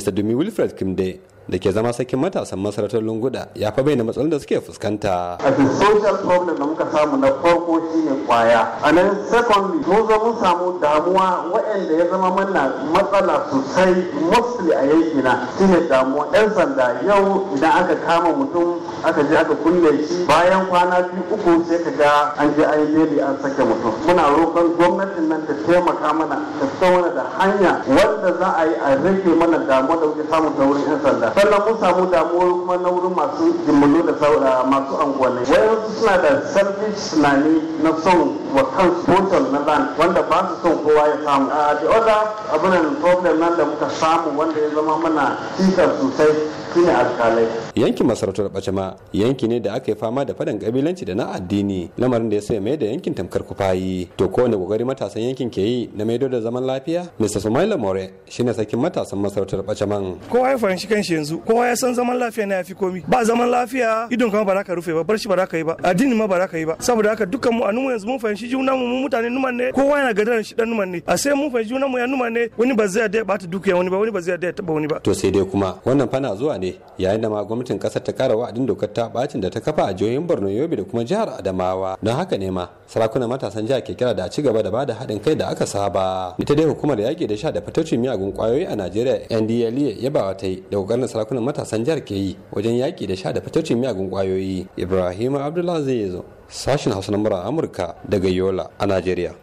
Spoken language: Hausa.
Mr. Demi Wilfred Kimde da ke zama sakin matasan masarautar lunguda ya fa bayyana matsalolin da suke fuskanta. A the social problem da muka samu na farko shine kwaya. A nan secondly mun zo mun samu damuwa waɗanda ya zama mana matsala sosai mostly a yankina shine damuwa ɗan sanda yau idan aka kama mutum aka je aka kulle shi bayan kwana biyu uku sai ka ga an je an yi an sake mutum. Muna roƙon gwamnatin nan ta taimaka mana ta tsawana da hanya wanda za a yi a rage mana damuwa da muke samu ta wurin 'yan sanda. sannan mun samu damuwar kuma na wurin masu jimulo da saura masu anguwanni wasu suna da selfish tunani na son wa kansu total na land wanda ba su son kowa ya samu a ah, the other abinan problem nan da muka samu wanda ya zama mana cikas sosai alkalai yankin masarautar bacama yanki ne da aka yi fama da fadan kabilanci da na addini lamarin da ya sai mai da yankin tamkar kufayi to kowane gogari matasan yankin ke yi na maido da zaman lafiya mr sumaila more shine sakin matasan masarautar bacaman kowa ya fahimci kanshi yanzu kowa ya san zaman lafiya na fi komi ba zaman lafiya idon kama ba za ka rufe ba barci ba za ka yi ba addini ma ba za ka yi ba saboda haka dukkan mu a numu yanzu mun fahimci juna mu mutane numan ne kowa yana gadar shi dan numan ne a sai mun fahimci juna mu ya numan ne wani ba zai da ya bata dukiya wani ba wani ba zai da ya taba wani ba to sai dai kuma wannan fana zuwa ne yayin da ma gwamnatin kasar ta kara wa'adin dokar ta bacin da ta kafa a jihohin borno yobe da kuma jihar adamawa don haka ne ma sarakunan matasan jihar ke kira da a ci gaba da bada haɗin kai da aka saba ita dai hukumar yaƙi da sha da fatocin miyagun ƙwayoyi a najeriya ndla e, ya ba ta yi da ƙoƙarin sarakunan matasan jihar ke yi wajen yaƙi da sha da fatocin miyagun ƙwayoyi ibrahim abdullahi zai zo sashen hausa na amurka daga yola a najeriya